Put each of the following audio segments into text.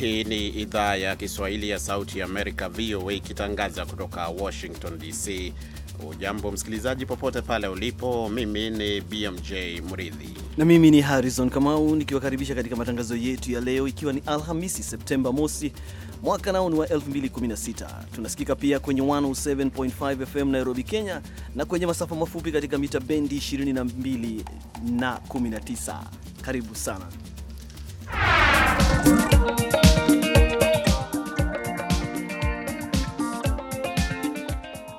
Hii ni idhaa ya Kiswahili ya Sauti ya Amerika, VOA, ikitangaza kutoka Washington DC. Ujambo msikilizaji, popote pale ulipo. Mimi ni BMJ Mridhi na mimi ni Harrison Kamau nikiwakaribisha katika matangazo yetu ya leo, ikiwa ni Alhamisi Septemba mosi mwaka nao ni wa 2016. Tunasikika pia kwenye 107.5 FM Nairobi, Kenya, na kwenye masafa mafupi katika mita bendi 22 na 19. Karibu sana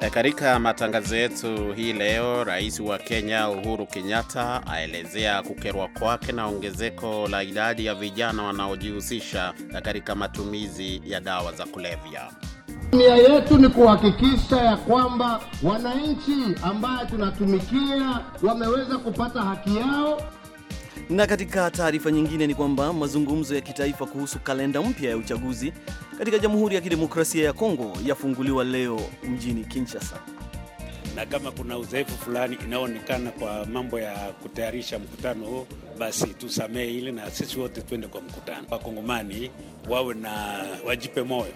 E, katika matangazo yetu hii leo, rais wa Kenya Uhuru Kenyatta aelezea kukerwa kwake na ongezeko la idadi ya vijana wanaojihusisha katika matumizi ya dawa za kulevya. Nia yetu ni kuhakikisha ya kwamba wananchi ambaye tunatumikia wameweza kupata haki yao. Na katika taarifa nyingine ni kwamba mazungumzo ya kitaifa kuhusu kalenda mpya ya uchaguzi katika Jamhuri ya Kidemokrasia ya Kongo yafunguliwa leo mjini Kinshasa. Na kama kuna udhaifu fulani inayoonekana kwa mambo ya kutayarisha mkutano huo, basi tusamehe ili na sisi wote tuende kwa mkutano. Wakongomani wawe na wajipe moyo.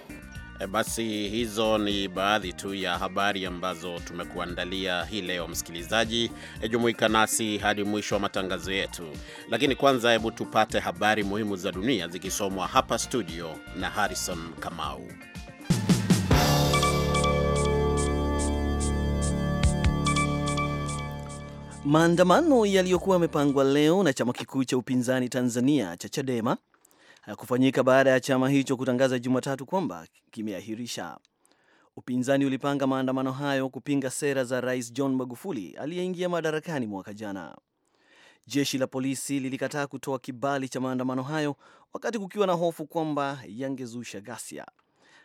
E, basi hizo ni baadhi tu ya habari ambazo tumekuandalia hii leo msikilizaji. E, jumuika nasi hadi mwisho wa matangazo yetu, lakini kwanza, hebu tupate habari muhimu za dunia zikisomwa hapa studio na Harrison Kamau. Maandamano yaliyokuwa yamepangwa leo na chama kikuu cha upinzani Tanzania cha Chadema kufanyika baada ya chama hicho kutangaza Jumatatu kwamba kimeahirisha. Upinzani ulipanga maandamano hayo kupinga sera za Rais John Magufuli aliyeingia madarakani mwaka jana. Jeshi la polisi lilikataa kutoa kibali cha maandamano hayo wakati kukiwa na hofu kwamba yangezusha ghasia.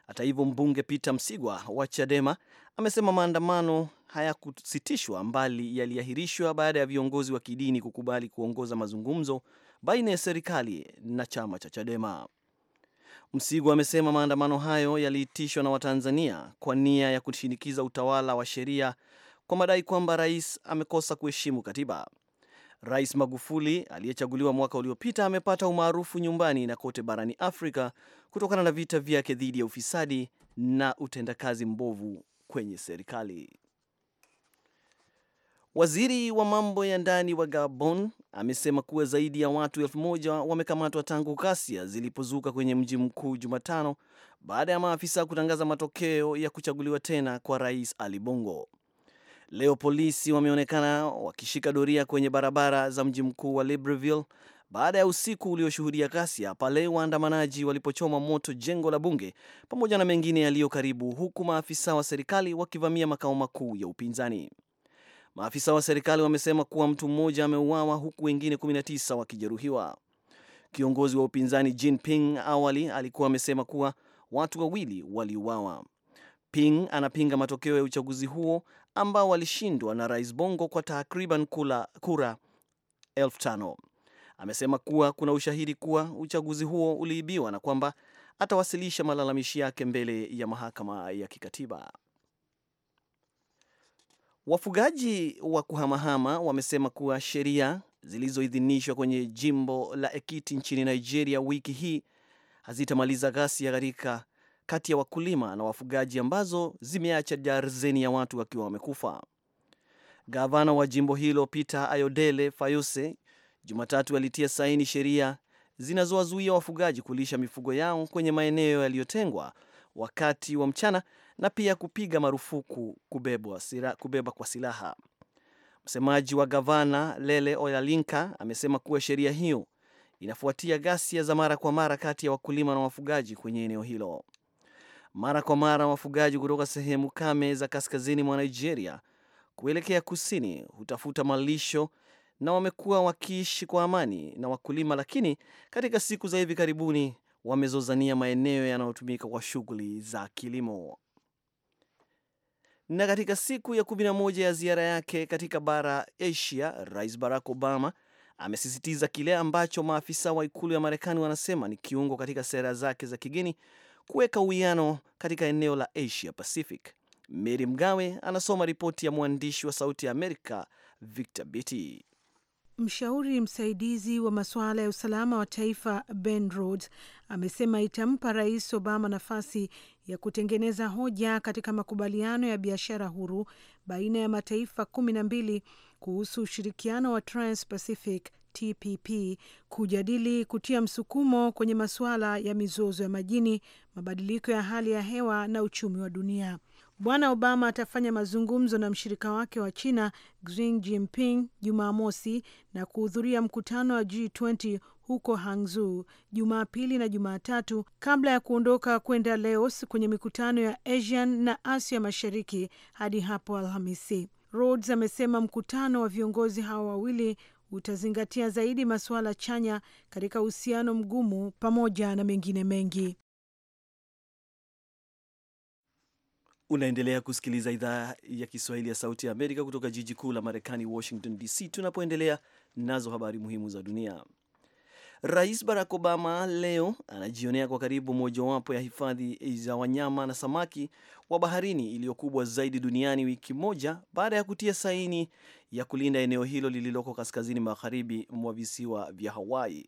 Hata hivyo, mbunge Peter Msigwa wa Chadema amesema maandamano hayakusitishwa, mbali yaliahirishwa baada ya viongozi wa kidini kukubali kuongoza mazungumzo baina ya serikali na chama cha Chadema. Msigu amesema maandamano hayo yaliitishwa na Watanzania kwa nia ya kushinikiza utawala wa sheria kwa madai kwamba rais amekosa kuheshimu katiba. Rais Magufuli aliyechaguliwa mwaka uliopita amepata umaarufu nyumbani na kote barani Afrika kutokana na vita vyake dhidi ya ufisadi na utendakazi mbovu kwenye serikali. Waziri wa mambo ya ndani wa Gabon amesema kuwa zaidi ya watu elfu moja wamekamatwa tangu ghasia zilipozuka kwenye mji mkuu Jumatano baada ya maafisa kutangaza matokeo ya kuchaguliwa tena kwa Rais Ali Bongo. Leo polisi wameonekana wakishika doria kwenye barabara za mji mkuu wa Libreville baada ya usiku ulioshuhudia ghasia pale waandamanaji walipochoma moto jengo la bunge pamoja na mengine yaliyo karibu, huku maafisa wa serikali wakivamia makao makuu ya upinzani. Maafisa wa serikali wamesema kuwa mtu mmoja ameuawa huku wengine 19 wakijeruhiwa. Kiongozi wa upinzani Jinping awali alikuwa amesema kuwa watu wawili waliuawa. Ping anapinga matokeo ya uchaguzi huo ambao walishindwa na Rais Bongo kwa takriban kura elfu tano. Amesema kuwa kuna ushahidi kuwa uchaguzi huo uliibiwa na kwamba atawasilisha malalamishi yake mbele ya mahakama ya kikatiba. Wafugaji wa kuhamahama wamesema kuwa sheria zilizoidhinishwa kwenye jimbo la Ekiti nchini Nigeria wiki hii hazitamaliza ghasia katika kati ya wakulima na wafugaji ambazo zimeacha darzeni ya watu wakiwa wamekufa. Gavana wa jimbo hilo Peter Ayodele Fayose Jumatatu alitia saini sheria zinazowazuia wafugaji kulisha mifugo yao kwenye maeneo yaliyotengwa wakati wa mchana na pia kupiga marufuku kubebwa sila, kubeba kwa silaha. Msemaji wa gavana Lele Oyalinka amesema kuwa sheria hiyo inafuatia ghasia za mara kwa mara kati ya wakulima na wafugaji kwenye eneo hilo. Mara kwa mara wafugaji kutoka sehemu kame za kaskazini mwa Nigeria kuelekea kusini hutafuta malisho na wamekuwa wakiishi kwa amani na wakulima, lakini katika siku za hivi karibuni wamezozania maeneo yanayotumika kwa shughuli za kilimo. Na katika siku ya 11 ya ziara yake katika bara Asia, Rais Barack Obama amesisitiza kile ambacho maafisa wa ikulu ya Marekani wanasema ni kiungo katika sera zake za kigeni, kuweka uwiano katika eneo la Asia Pacific. Meri Mgawe anasoma ripoti ya mwandishi wa Sauti ya Amerika Victor Biti. Mshauri msaidizi wa masuala ya usalama wa taifa Ben Rhodes amesema itampa Rais Obama nafasi ya kutengeneza hoja katika makubaliano ya biashara huru baina ya mataifa kumi na mbili kuhusu ushirikiano wa Transpacific TPP kujadili kutia msukumo kwenye masuala ya mizozo ya majini, mabadiliko ya hali ya hewa na uchumi wa dunia. Bwana Obama atafanya mazungumzo na mshirika wake wa China Xi Jinping Jumamosi na kuhudhuria mkutano wa G20 huko Hangzhou Jumapili na Jumatatu kabla ya kuondoka kwenda Laos kwenye mikutano ya ASEAN na Asia Mashariki hadi hapo Alhamisi. Rhodes amesema mkutano wa viongozi hawa wawili utazingatia zaidi masuala chanya katika uhusiano mgumu pamoja na mengine mengi. Unaendelea kusikiliza idhaa ya Kiswahili ya Sauti ya Amerika kutoka jiji kuu la Marekani, Washington DC, tunapoendelea nazo habari muhimu za dunia. Rais Barack Obama leo anajionea kwa karibu mojawapo ya hifadhi za wanyama na samaki wa baharini iliyokubwa zaidi duniani wiki moja baada ya kutia saini ya kulinda eneo hilo lililoko kaskazini magharibi mwa visiwa vya Hawaii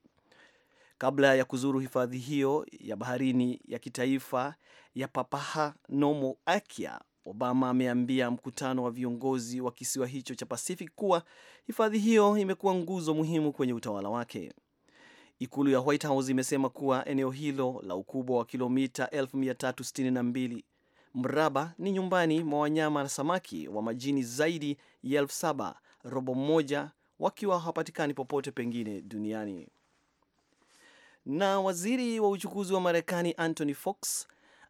kabla ya kuzuru hifadhi hiyo ya baharini ya kitaifa ya Papaha Nomo Akia. Obama ameambia mkutano wa viongozi wa kisiwa hicho cha Pacific kuwa hifadhi hiyo imekuwa nguzo muhimu kwenye utawala wake. Ikulu ya White House imesema kuwa eneo hilo la ukubwa wa kilomita 1362 mraba ni nyumbani mwa wanyama na samaki wa majini zaidi ya elfu saba, robo moja wakiwa hawapatikani popote pengine duniani na waziri wa uchukuzi wa Marekani Anthony Fox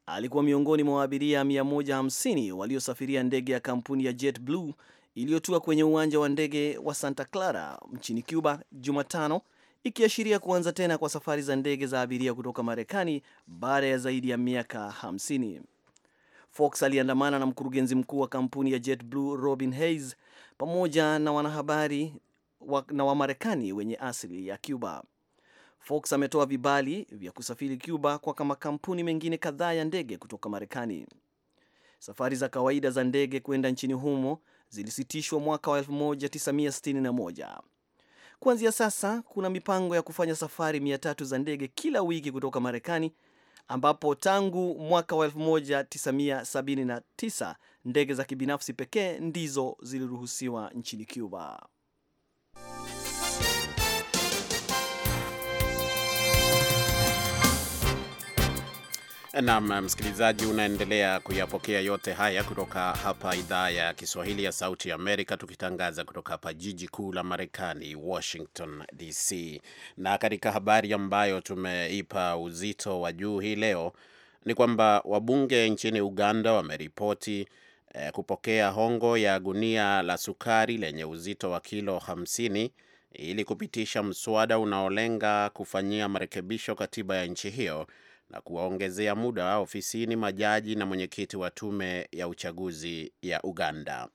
alikuwa miongoni mwa abiria 150 waliosafiria ndege ya kampuni ya JetBlue iliyotua kwenye uwanja wa ndege wa Santa Clara nchini Cuba Jumatano, ikiashiria kuanza tena kwa safari za ndege za abiria kutoka Marekani baada ya zaidi ya miaka 50. Fox aliandamana na mkurugenzi mkuu wa kampuni ya JetBlue Robin Hayes pamoja na wanahabari wa, na Wamarekani wenye asili ya Cuba. Fox ametoa vibali vya kusafiri Cuba kwa makampuni mengine kadhaa ya ndege kutoka Marekani. Safari za kawaida za ndege kwenda nchini humo zilisitishwa mwaka wa 1961. Kuanzia sasa kuna mipango ya kufanya safari 300 za ndege kila wiki kutoka Marekani, ambapo tangu mwaka wa 1979 ndege za kibinafsi pekee ndizo ziliruhusiwa nchini Cuba. Naam, msikilizaji, unaendelea kuyapokea yote haya kutoka hapa idhaa ya Kiswahili ya Sauti ya Amerika, tukitangaza kutoka hapa jiji kuu la Marekani, Washington DC. Na katika habari ambayo tumeipa uzito wa juu hii leo ni kwamba wabunge nchini Uganda wameripoti eh, kupokea hongo ya gunia la sukari lenye uzito wa kilo 50 ili kupitisha mswada unaolenga kufanyia marekebisho katiba ya nchi hiyo na kuwaongezea muda ofisini majaji na mwenyekiti wa tume ya uchaguzi ya Uganda.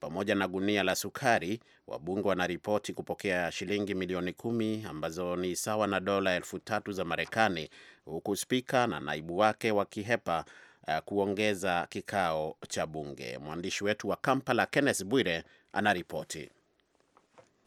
Pamoja na gunia la sukari, wabunge wanaripoti kupokea shilingi milioni kumi ambazo ni sawa na dola elfu tatu za Marekani, huku spika na naibu wake wakihepa uh, kuongeza kikao cha bunge. Mwandishi wetu wa Kampala, Kenneth Bwire, anaripoti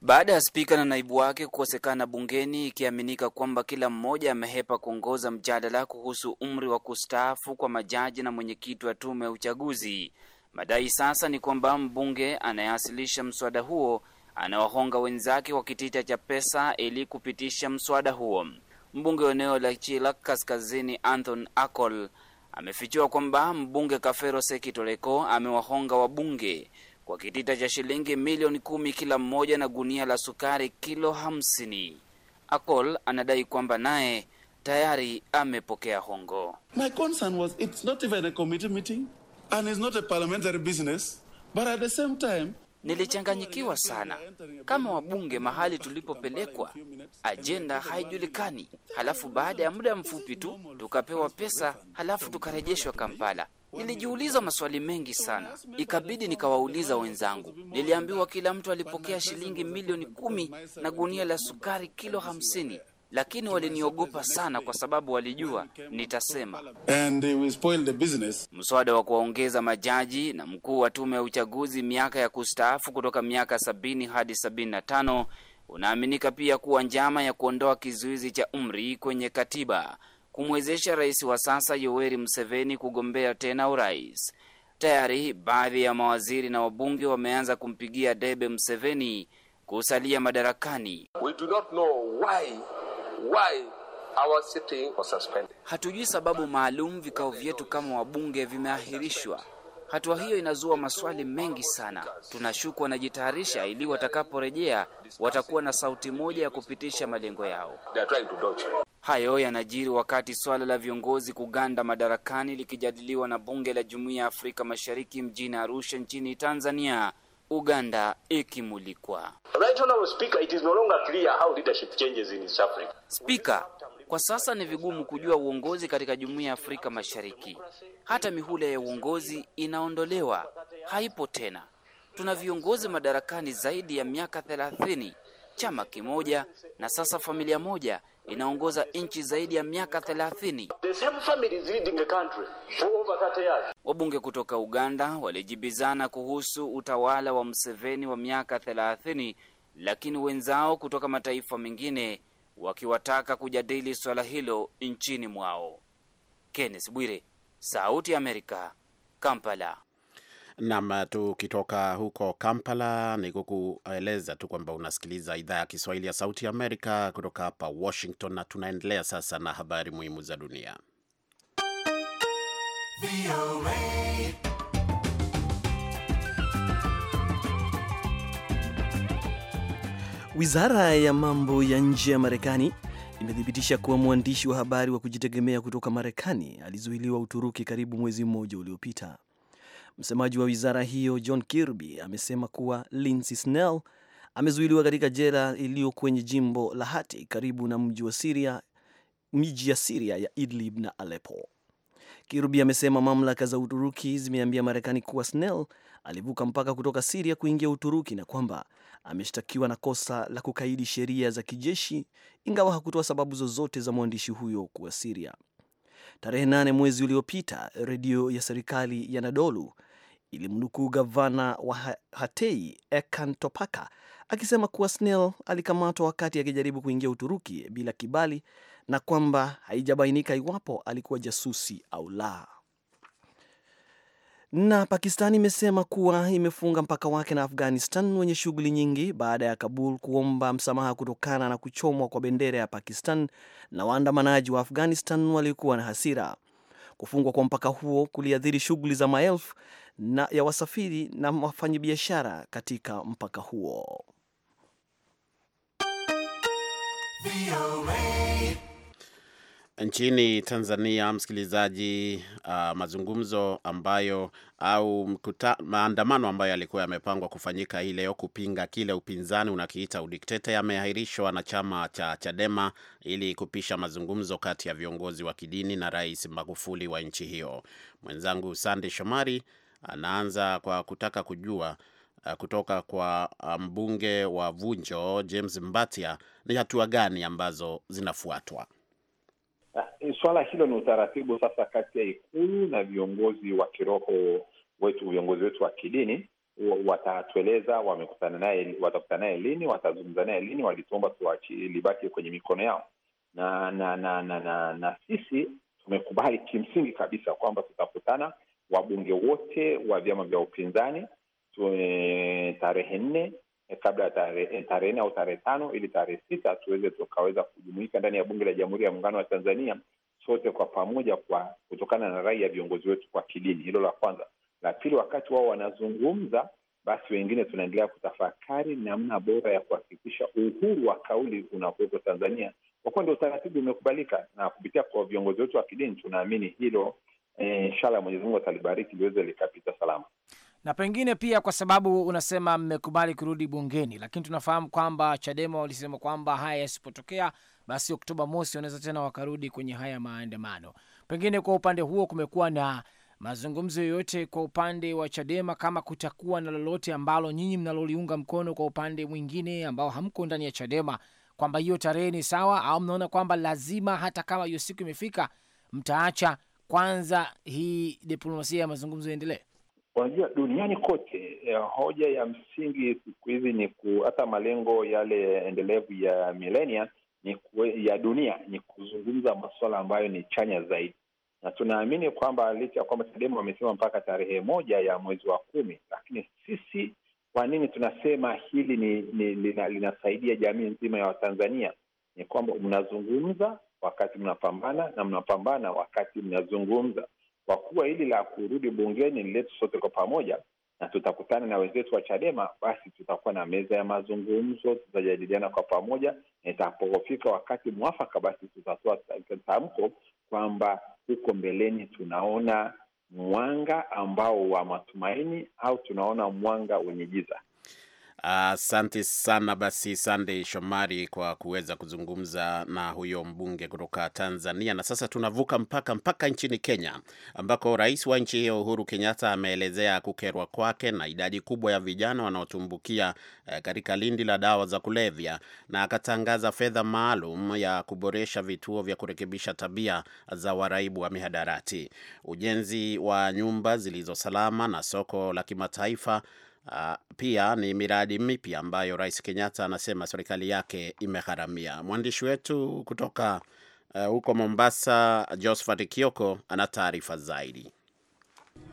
baada ya spika na naibu wake kukosekana bungeni, ikiaminika kwamba kila mmoja amehepa kuongoza mjadala kuhusu umri wa kustaafu kwa majaji na mwenyekiti wa tume ya uchaguzi. Madai sasa ni kwamba mbunge anayewasilisha mswada huo anawahonga wenzake kwa kitita cha pesa ili kupitisha mswada huo. Mbunge wa eneo la Chilak Kaskazini, anthon Acol, amefichua kwamba mbunge Kafero Sekitoleko amewahonga wabunge kwa kitita cha shilingi milioni kumi kila mmoja na gunia la sukari kilo hamsini. Akol anadai kwamba naye tayari amepokea hongo. My concern was it's not even a committee meeting and it's not a parliamentary business but at the same time Nilichanganyikiwa sana kama wabunge, mahali tulipopelekwa ajenda haijulikani, halafu baada ya muda mfupi tu tukapewa pesa, halafu tukarejeshwa Kampala. Nilijiuliza maswali mengi sana, ikabidi nikawauliza wenzangu. Niliambiwa kila mtu alipokea shilingi milioni kumi na gunia la sukari kilo hamsini, lakini waliniogopa sana kwa sababu walijua nitasema. Mswada wa kuwaongeza majaji na mkuu wa tume ya uchaguzi miaka ya kustaafu kutoka miaka sabini hadi sabini na tano unaaminika pia kuwa njama ya kuondoa kizuizi cha umri kwenye katiba kumwezesha rais wa sasa Yoweri Museveni kugombea tena urais. Tayari baadhi ya mawaziri na wabunge wameanza kumpigia debe Museveni kusalia madarakani. We do not know why, why our sitting was suspended. Hatujui sababu maalum vikao vyetu kama wabunge vimeahirishwa. Hatua hiyo inazua maswali mengi sana. Tunashuku wanajitayarisha ili watakaporejea watakuwa na sauti moja ya kupitisha malengo yao. Hayo yanajiri wakati swala la viongozi kuganda madarakani likijadiliwa na bunge la Jumuiya ya Afrika Mashariki mjini Arusha nchini Tanzania, Uganda ikimulikwa. Spika, kwa sasa ni vigumu kujua uongozi katika Jumuiya ya Afrika Mashariki. Hata mihula ya uongozi inaondolewa, haipo tena. Tuna viongozi madarakani zaidi ya miaka thelathini chama kimoja, na sasa familia moja inaongoza nchi zaidi ya miaka thelathini. Wabunge kutoka Uganda walijibizana kuhusu utawala wa Museveni wa miaka thelathini, lakini wenzao kutoka mataifa mengine wakiwataka kujadili swala hilo nchini mwao. Kenneth Bwire, Sauti ya Amerika, Kampala. Nam, tukitoka huko Kampala ni kukueleza tu kwamba unasikiliza idhaa ya Kiswahili ya Sauti ya Amerika kutoka hapa Washington, na tunaendelea sasa na habari muhimu za dunia. Wizara ya mambo ya nje ya Marekani imethibitisha kuwa mwandishi wa habari wa kujitegemea kutoka Marekani alizuiliwa Uturuki karibu mwezi mmoja uliopita. Msemaji wa wizara hiyo John Kirby amesema kuwa Lindsey Snell amezuiliwa katika jela iliyo kwenye jimbo la Hati karibu na mji wa Siria, miji ya Siria ya Idlib na Aleppo. Kirby amesema mamlaka za Uturuki zimeambia Marekani kuwa Snell alivuka mpaka kutoka Siria kuingia Uturuki na kwamba ameshtakiwa na kosa la kukaidi sheria za kijeshi, ingawa hakutoa sababu zozote za mwandishi huyo kuwa Siria. Tarehe nane mwezi uliopita, redio ya serikali ya Nadolu ilimnukuu gavana wa Hatei Ekan Topaka akisema kuwa Snell alikamatwa wakati akijaribu kuingia Uturuki bila kibali na kwamba haijabainika iwapo alikuwa jasusi au la. Na Pakistan imesema kuwa imefunga mpaka wake na Afghanistan wenye shughuli nyingi baada ya Kabul kuomba msamaha kutokana na kuchomwa kwa bendera ya Pakistan na waandamanaji wa Afghanistan waliokuwa na hasira. Kufungwa kwa mpaka huo kuliathiri shughuli za maelfu na ya wasafiri na wafanyabiashara katika mpaka huo. Nchini Tanzania, msikilizaji, uh, mazungumzo ambayo au mkuta, maandamano ambayo yalikuwa yamepangwa kufanyika hii leo kupinga kile upinzani unakiita udikteta yameahirishwa na chama cha Chadema ili kupisha mazungumzo kati ya viongozi wa kidini na Rais Magufuli wa nchi hiyo. Mwenzangu Sande Shomari anaanza kwa kutaka kujua ah, kutoka kwa ah, mbunge wa Vunjo James Mbatia ni hatua gani ambazo zinafuatwa. Eh, Suala hilo ni utaratibu sasa kati ya Ikulu na viongozi wa kiroho wetu, viongozi wetu wa kidini watatueleza wamekutana naye, watakutana naye lini, watazungumza naye lini. Walituomba tuwachilibaki kwenye mikono yao, na na na na, na, na sisi tumekubali kimsingi kabisa kwamba tutakutana wabunge wote wa vyama vya upinzani tume eh, tarehe nne Eh, kabla ya eh, tarehe nne au tarehe tano ili tarehe sita tuweze tukaweza kujumuika ndani ya bunge la Jamhuri ya Muungano wa Tanzania sote kwa pamoja, kwa kutokana na rai ya viongozi wetu kwa kidini. Hilo la kwanza. La pili, wakati wao wanazungumza, basi wengine tunaendelea kutafakari namna bora ya kuhakikisha uhuru wa kauli unakuwepo Tanzania, kwa kuwa ndio utaratibu umekubalika na kupitia kwa viongozi wetu wa kidini. Tunaamini hilo, eh, inshallah, Mwenyezi Mungu atalibariki liweze likapita salama na pengine pia kwa sababu unasema mmekubali kurudi bungeni, lakini tunafahamu kwamba Chadema walisema kwamba haya yasipotokea, basi Oktoba mosi wanaweza tena wakarudi kwenye haya maandamano. Pengine kwa upande huo kumekuwa na mazungumzo yoyote kwa upande wa Chadema, kama kutakuwa na lolote ambalo nyinyi mnaloliunga mkono kwa upande mwingine ambao hamko ndani ya Chadema, kwamba hiyo tarehe ni sawa, au mnaona kwamba lazima hata kama hiyo siku imefika mtaacha kwanza hii diplomasia ya mazungumzo yaendelee? Unajua, duniani kote ya eh, hoja ya msingi siku hizi ni hata malengo yale endelevu ya milenia ni ya dunia ni kuzungumza masuala ambayo ni chanya zaidi, na tunaamini kwamba licha ya kwamba Chadema wamesema mpaka tarehe moja ya mwezi wa kumi, lakini sisi kwa nini tunasema hili ni, ni lina, linasaidia jamii nzima ya Watanzania ni kwamba mnazungumza wakati mnapambana na mnapambana wakati mnazungumza kwa kuwa hili la kurudi bungeni ni letu sote kwa pamoja, na tutakutana na wenzetu wa Chadema, basi tutakuwa na meza ya mazungumzo, tutajadiliana kwa pamoja, na itapofika wakati mwafaka, basi tutatoa tamko kwamba huko mbeleni tunaona mwanga ambao wa matumaini au tunaona mwanga wenye giza. Asante uh, sana basi sande Shomari kwa kuweza kuzungumza na huyo mbunge kutoka Tanzania. Na sasa tunavuka mpaka mpaka nchini Kenya ambako rais wa nchi hiyo Uhuru Kenyatta ameelezea kukerwa kwake na idadi kubwa ya vijana wanaotumbukia uh, katika lindi la dawa za kulevya na akatangaza fedha maalum ya kuboresha vituo vya kurekebisha tabia za waraibu wa mihadarati, ujenzi wa nyumba zilizo salama na soko la kimataifa Uh, pia ni miradi mipya ambayo Rais Kenyatta anasema serikali yake imegharamia. Mwandishi wetu kutoka uh, huko Mombasa, Josephat Kioko ana taarifa zaidi.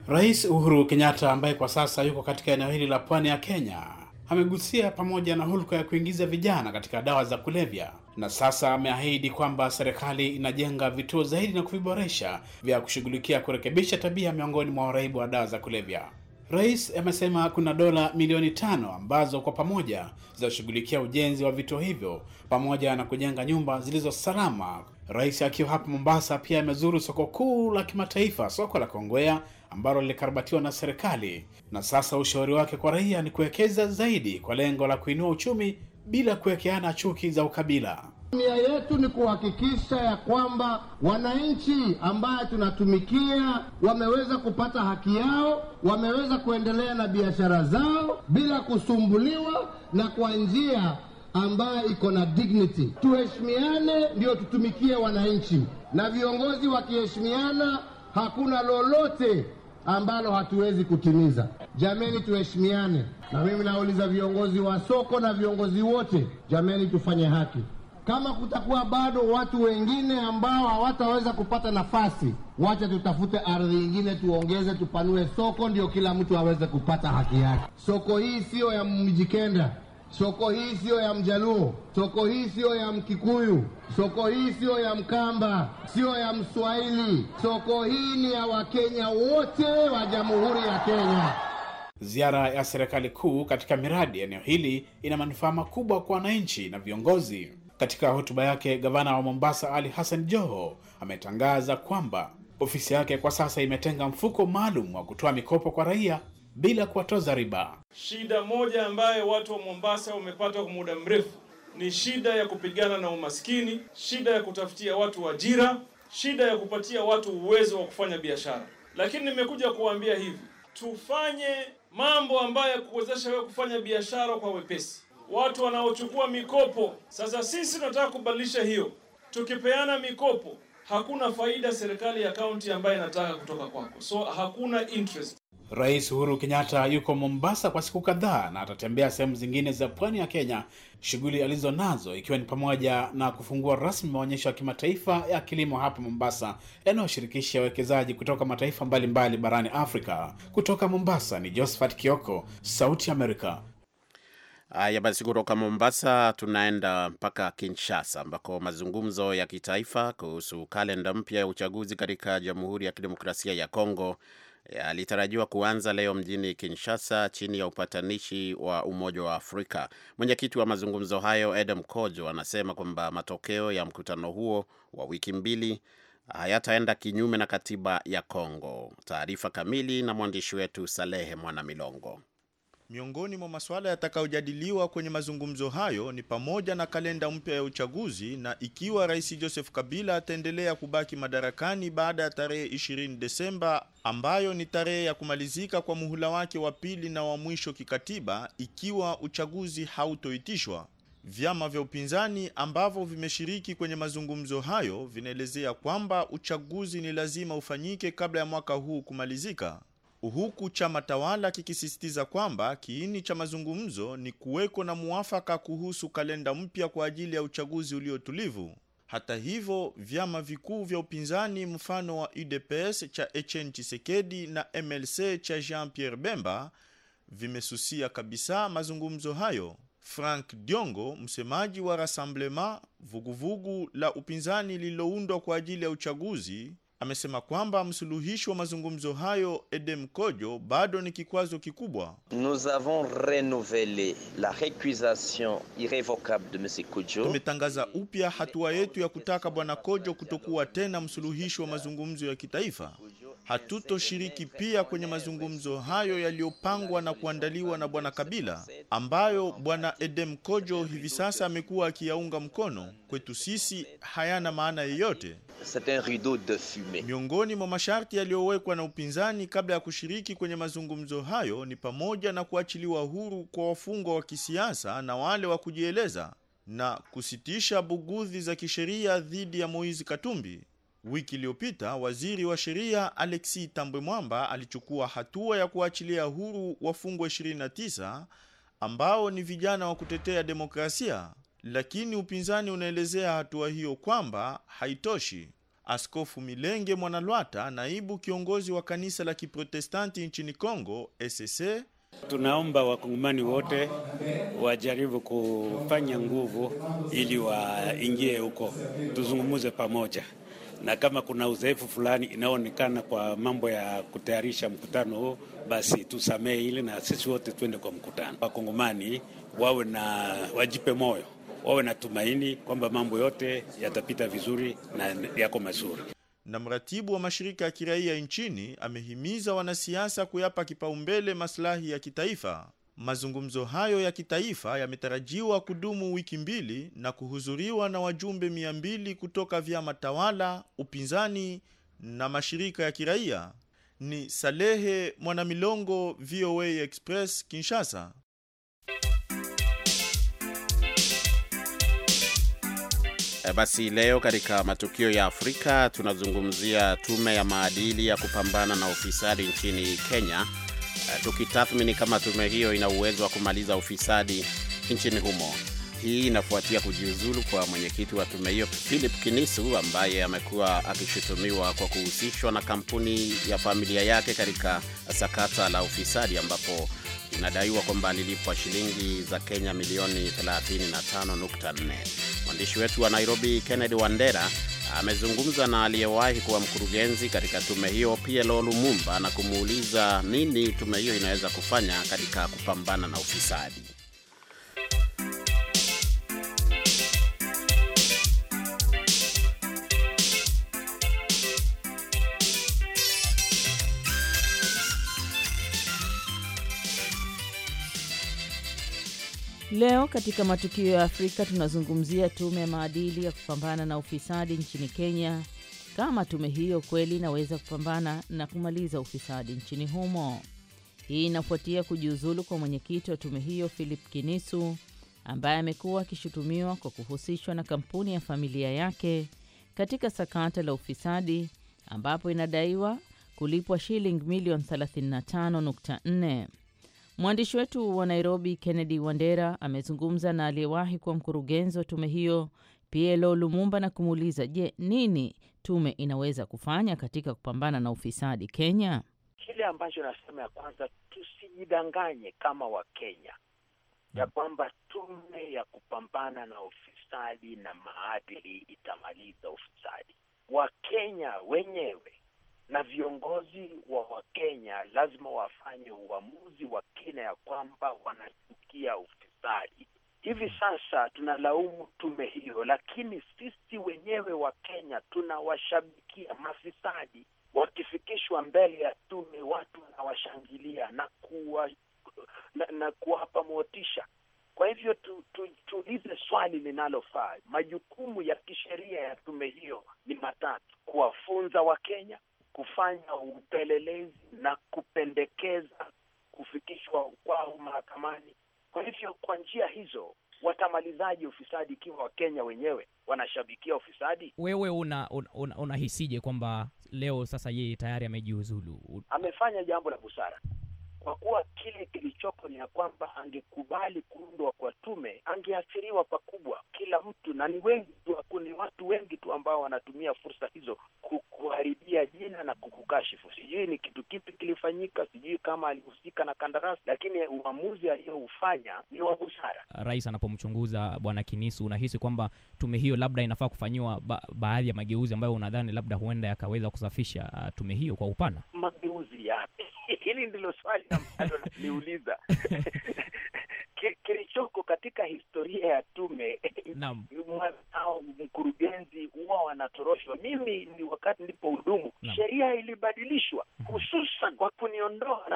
Rais Uhuru Kenyatta ambaye kwa sasa yuko katika eneo hili la pwani ya Kenya amegusia pamoja na hulka ya kuingiza vijana katika dawa za kulevya, na sasa ameahidi kwamba serikali inajenga vituo zaidi na kuviboresha vya kushughulikia kurekebisha tabia miongoni mwa waraibu wa dawa za kulevya. Rais amesema kuna dola milioni tano ambazo kwa pamoja zitashughulikia ujenzi wa vituo hivyo pamoja na kujenga nyumba zilizo salama. Rais akiwa hapa Mombasa pia amezuru soko kuu la kimataifa, soko la Kongwea ambalo lilikarabatiwa na serikali, na sasa ushauri wake kwa raia ni kuwekeza zaidi kwa lengo la kuinua uchumi bila kuwekeana chuki za ukabila. Nia yetu ni kuhakikisha ya kwamba wananchi ambaye tunatumikia wameweza kupata haki yao, wameweza kuendelea na biashara zao bila kusumbuliwa na kwa njia ambayo iko na dignity. Tuheshimiane ndio tutumikie wananchi, na viongozi wakiheshimiana, hakuna lolote ambalo hatuwezi kutimiza. Jameni, tuheshimiane. Na mimi nauliza viongozi wa soko na viongozi wote, jameni, tufanye haki. Kama kutakuwa bado watu wengine ambao hawataweza kupata nafasi, wacha tutafute ardhi ingine tuongeze, tupanue soko, ndio kila mtu aweze kupata haki yake. Soko hii siyo ya Mjikenda, soko hii siyo ya Mjaluo, soko hii siyo ya Mkikuyu, soko hii siyo ya Mkamba, siyo ya Mswahili. Soko hii ni ya Wakenya wote wa Jamhuri ya Kenya. Ziara ya serikali kuu katika miradi eneo hili ina manufaa makubwa kwa wananchi na viongozi. Katika hotuba yake, gavana wa Mombasa Ali Hassan Joho ametangaza kwamba ofisi yake kwa sasa imetenga mfuko maalum wa kutoa mikopo kwa raia bila kuwatoza riba. Shida moja ambayo watu wa Mombasa wamepata kwa muda mrefu ni shida ya kupigana na umaskini, shida ya kutafutia watu ajira, shida ya kupatia watu uwezo wa kufanya biashara. Lakini nimekuja kuwaambia hivi, tufanye mambo ambayo ya kuwezesha wewe kufanya biashara kwa wepesi watu wanaochukua mikopo. Sasa sisi tunataka kubadilisha hiyo, tukipeana mikopo hakuna faida serikali ya kaunti ambayo inataka kutoka kwako, so hakuna interest. Rais Uhuru Kenyatta yuko Mombasa kwa siku kadhaa na atatembea sehemu zingine za pwani ya Kenya, shughuli alizonazo ikiwa ni pamoja na kufungua rasmi maonyesho ya kimataifa ya kilimo hapa Mombasa yanayoshirikisha wawekezaji kutoka mataifa mbalimbali mbali barani Afrika. Kutoka Mombasa ni Josephat Kioko, Sauti ya Amerika. Haya basi, kutoka Mombasa tunaenda mpaka Kinshasa ambako mazungumzo ya kitaifa kuhusu kalenda mpya ya uchaguzi katika Jamhuri ya Kidemokrasia ya Kongo yalitarajiwa kuanza leo mjini Kinshasa chini ya upatanishi wa Umoja wa Afrika. Mwenyekiti wa mazungumzo hayo edam Kojo anasema kwamba matokeo ya mkutano huo wa wiki mbili hayataenda kinyume na katiba ya Kongo. Taarifa kamili na mwandishi wetu Salehe Mwanamilongo. Miongoni mwa masuala yatakayojadiliwa kwenye mazungumzo hayo ni pamoja na kalenda mpya ya uchaguzi na ikiwa Rais Joseph Kabila ataendelea kubaki madarakani baada ya tarehe 20 Desemba ambayo ni tarehe ya kumalizika kwa muhula wake wa pili na wa mwisho kikatiba ikiwa uchaguzi hautoitishwa. Vyama vya upinzani ambavyo vimeshiriki kwenye mazungumzo hayo vinaelezea kwamba uchaguzi ni lazima ufanyike kabla ya mwaka huu kumalizika huku chama tawala kikisisitiza kwamba kiini cha mazungumzo ni kuweko na mwafaka kuhusu kalenda mpya kwa ajili ya uchaguzi uliotulivu. Hata hivyo, vyama vikuu vya upinzani mfano wa UDPS cha Etienne chisekedi na MLC cha Jean-Pierre Bemba vimesusia kabisa mazungumzo hayo. Frank Diongo, msemaji wa Rassemblement, vuguvugu la upinzani lililoundwa kwa ajili ya uchaguzi, amesema kwamba msuluhishi wa mazungumzo hayo Edem Kojo bado ni kikwazo kikubwa. Nous avons renouvelé la recusation irrevocable de monsieur Kojo. Tumetangaza upya hatua yetu ya kutaka bwana Kojo kutokuwa tena msuluhishi wa mazungumzo ya kitaifa hatutoshiriki pia kwenye mazungumzo hayo yaliyopangwa na kuandaliwa na Bwana Kabila ambayo Bwana Edem Kojo hivi sasa amekuwa akiyaunga mkono. Kwetu sisi hayana maana yeyote Miongoni mwa masharti yaliyowekwa na upinzani kabla ya kushiriki kwenye mazungumzo hayo ni pamoja na kuachiliwa huru kwa wafungwa wa kisiasa na wale wa kujieleza na kusitisha bugudhi za kisheria dhidi ya Moizi Katumbi. Wiki iliyopita waziri wa sheria Alexi Tambwe Mwamba alichukua hatua ya kuachilia huru wafungwa 29 ambao ni vijana wa kutetea demokrasia, lakini upinzani unaelezea hatua hiyo kwamba haitoshi. Askofu Milenge Mwanalwata, naibu kiongozi wa kanisa la Kiprotestanti nchini Kongo SSE, Tunaomba wakongomani wote wajaribu kufanya nguvu ili waingie huko, tuzungumuze pamoja na kama kuna uzoefu fulani inayoonekana kwa mambo ya kutayarisha mkutano huo, basi tusamehe ile, na sisi wote tuende kwa mkutano. Wakongomani wawe na wajipe moyo, wawe na tumaini kwamba mambo yote yatapita vizuri na yako mazuri. Na mratibu wa mashirika ya kiraia nchini amehimiza wanasiasa kuyapa kipaumbele maslahi ya kitaifa Mazungumzo hayo ya kitaifa yametarajiwa kudumu wiki mbili na kuhudhuriwa na wajumbe mia mbili kutoka vyama tawala, upinzani na mashirika ya kiraia. Ni Salehe Mwanamilongo, VOA Express, Kinshasa. Eh, basi leo katika matukio ya Afrika tunazungumzia tume ya maadili ya kupambana na ufisadi nchini Kenya Eh, tukitathmini kama tume hiyo ina uwezo wa kumaliza ufisadi nchini humo. Hii inafuatia kujiuzulu kwa mwenyekiti wa tume hiyo Philip Kinisu ambaye amekuwa akishutumiwa kwa kuhusishwa na kampuni ya familia yake katika sakata la ufisadi ambapo inadaiwa kwamba alilipwa shilingi za Kenya milioni 35.4. Mwandishi wetu wa Nairobi Kennedy Wandera amezungumza na aliyewahi kuwa mkurugenzi katika tume hiyo PLO Lumumba na kumuuliza nini tume hiyo inaweza kufanya katika kupambana na ufisadi. Leo katika matukio ya Afrika tunazungumzia tume ya maadili ya kupambana na ufisadi nchini Kenya. Kama tume hiyo kweli inaweza kupambana na kumaliza ufisadi nchini humo. Hii inafuatia kujiuzulu kwa mwenyekiti wa tume hiyo Philip Kinisu, ambaye amekuwa akishutumiwa kwa kuhusishwa na kampuni ya familia yake katika sakata la ufisadi, ambapo inadaiwa kulipwa shilingi milioni 35.4. Mwandishi wetu wa Nairobi, Kennedy Wandera, amezungumza na aliyewahi kuwa mkurugenzi wa tume hiyo PLO Lumumba na kumuuliza, je, nini tume inaweza kufanya katika kupambana na ufisadi Kenya? Kile ambacho nasema ya kwanza, tusijidanganye kama Wakenya ya mm. kwamba tume ya kupambana na ufisadi na maadili itamaliza ufisadi. Wakenya wenyewe na viongozi wa Wakenya lazima wafanye uamuzi wa kina ya kwamba wanachukia ufisadi. Hivi sasa tunalaumu tume hiyo, lakini sisi wenyewe wa kenya tunawashabikia mafisadi. Wakifikishwa mbele ya tume, watu wanawashangilia na kuwa na, na kuwapa motisha. Kwa hivyo tuulize tu, swali linalofaa. Majukumu ya kisheria ya tume hiyo ni matatu: kuwafunza Wakenya, kufanya upelelezi na kupendekeza kufikishwa kwao mahakamani. Kwa hivyo kwa njia hizo watamalizaji ufisadi ikiwa Wakenya wenyewe wanashabikia ufisadi? Wewe unahisije una, una, una kwamba leo sasa yeye tayari amejiuzulu? Amefanya jambo la busara kwa kuwa kile kilichopo ni ya kwamba angekubali kuundwa kwa tume, angeathiriwa pakubwa kila mtu, na ni wengi tu, ni watu wengi tu ambao wanatumia fursa hizo kukuharibia jina na kukukashifu. Sijui ni kitu kipi kilifanyika, sijui kama alihusika na kandarasi, lakini uamuzi aliyoufanya ni wa busara. Rais anapomchunguza Bwana Kinisu, unahisi kwamba tume hiyo labda inafaa kufanyiwa ba baadhi ya mageuzi ambayo unadhani labda huenda yakaweza kusafisha uh, tume hiyo kwa upana Ma hili ndilo swali ambalo naliuliza. Kilichoko katika historia ya tume mwanao mkurugenzi huwa wanatoroshwa. Mimi ni wakati ndipo hudumu, sheria ilibadilishwa mhm. hususan kwa kuniondoa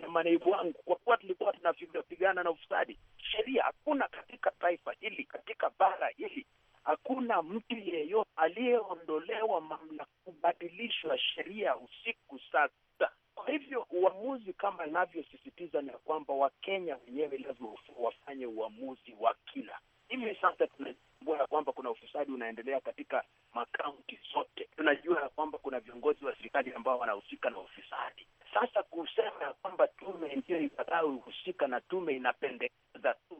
na manaibu wangu, kwa kuwa tulikuwa tunapigana na ufisadi. Sheria hakuna katika taifa hili, katika bara hili hakuna mtu yeyote aliyeondolewa mamlaka kubadilishwa sheria usiku sasa hivyo uamuzi kama inavyosisitiza na kwamba Wakenya wenyewe lazima wafanye uamuzi wa kina. Hivi sasa tunajua ya kwamba kuna ufisadi unaendelea katika makaunti zote, tunajua ya kwamba kuna viongozi wa serikali ambao wanahusika na ufisadi. Sasa kusema ya kwamba tume ndiyo itakayohusika na tume inapendekeza tu,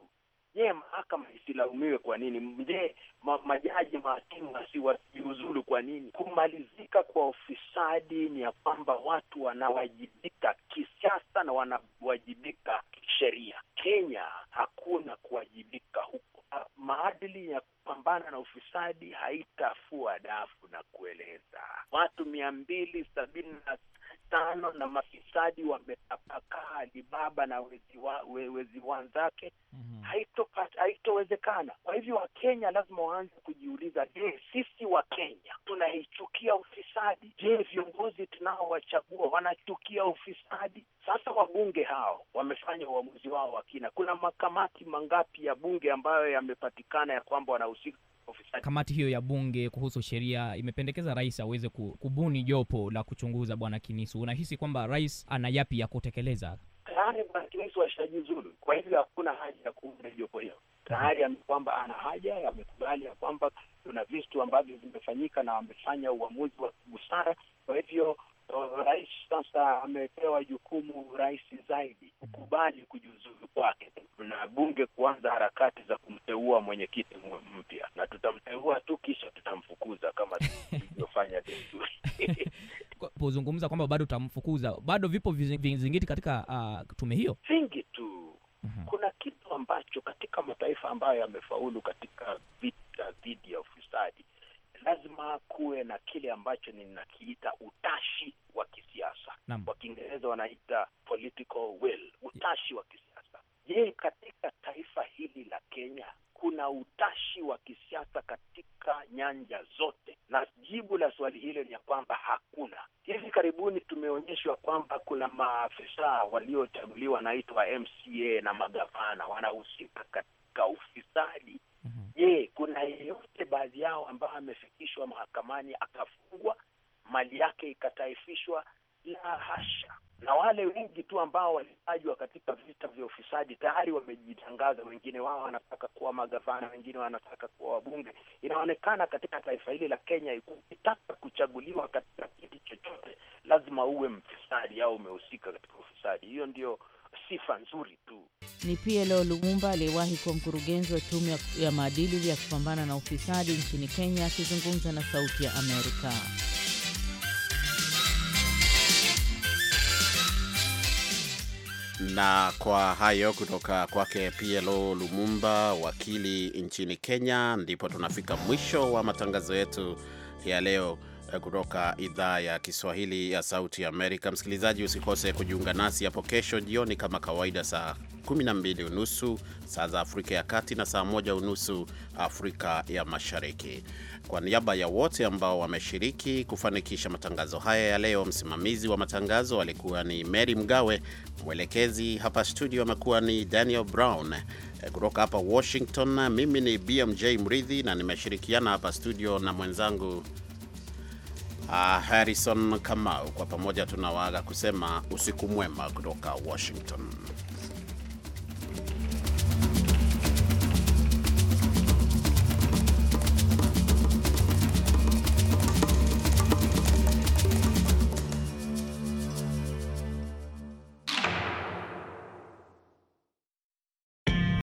je, mahakama isilaumiwe kwa nini? Je, ma majaji mahakimu wasijiuzulu kwa nini? kumalizia kamati hiyo ya bunge kuhusu sheria imependekeza rais aweze kubuni jopo la kuchunguza bwana Kinisu. Unahisi kwamba rais ana yapi ya kutekeleza? Tayari bwana Kinisu ashajizulu, kwa hivyo hakuna haja ya kuunda jopo hilo. Tayari kwamba ana haja, amekubali ya kwamba kuna vitu ambavyo vimefanyika na wamefanya uamuzi wa busara, kwa hivyo rais sasa amepewa jukumu rais zaidi kukubali kujiuzulu kwake. na bunge kuanza harakati za kumteua mwenyekiti mpya, na tutamteua tu, kisha tutamfukuza kama tulivyofanya kuzungumza kwamba bado tutamfukuza. Bado vipo vizingiti katika uh, tume hiyo, vingi tu. mm-hmm. kuna kitu ambacho katika mataifa ambayo yamefaulu katika vita dhidi ya ufisadi lazima kuwe na kile ambacho ninakiita utashi wa kisiasa. Kwa Kiingereza wanaita political will, utashi wa kisiasa. Je, katika taifa hili la Kenya kuna utashi wa kisiasa katika nyanja zote? Na jibu la swali hilo ni ya kwamba hakuna. Hivi karibuni tumeonyeshwa kwamba kuna maafisa waliochaguliwa wanaitwa MCA na magavana wanahusika katika ufisadi. Mhm. Je, mm -hmm. kuna yeyote baadhi yao ambao amefikishwa mahakamani akafungwa, mali yake ikataifishwa. La hasha! Na wale wengi tu ambao walitajwa katika vita vya ufisadi tayari wamejitangaza, wengine wao wanataka kuwa magavana, wengine wanataka kuwa wabunge. Inaonekana katika taifa hili la Kenya, ukitaka kuchaguliwa katika kiti chochote lazima uwe mfisadi au umehusika katika ufisadi. Hiyo ndio sifa nzuri tu. Ni PLO Lumumba aliyewahi kuwa mkurugenzi wa tume ya maadili ya kupambana na ufisadi nchini Kenya akizungumza na Sauti ya Amerika. Na kwa hayo kutoka kwake PLO Lumumba, wakili nchini Kenya, ndipo tunafika mwisho wa matangazo yetu ya leo kutoka idhaa ya Kiswahili ya Sauti ya Amerika. Msikilizaji, usikose kujiunga nasi hapo kesho jioni kama kawaida, saa 12 unusu saa za Afrika ya Kati na saa moja unusu Afrika ya Mashariki. Kwa niaba ya wote ambao wameshiriki kufanikisha matangazo haya ya leo, msimamizi wa matangazo alikuwa ni Mary Mgawe, mwelekezi hapa studio amekuwa ni Daniel Brown. Kutoka hapa Washington, mimi ni BMJ Mridhi na nimeshirikiana hapa studio na mwenzangu uh, Harrison Kamau, kwa pamoja tunawaaga kusema usiku mwema kutoka Washington.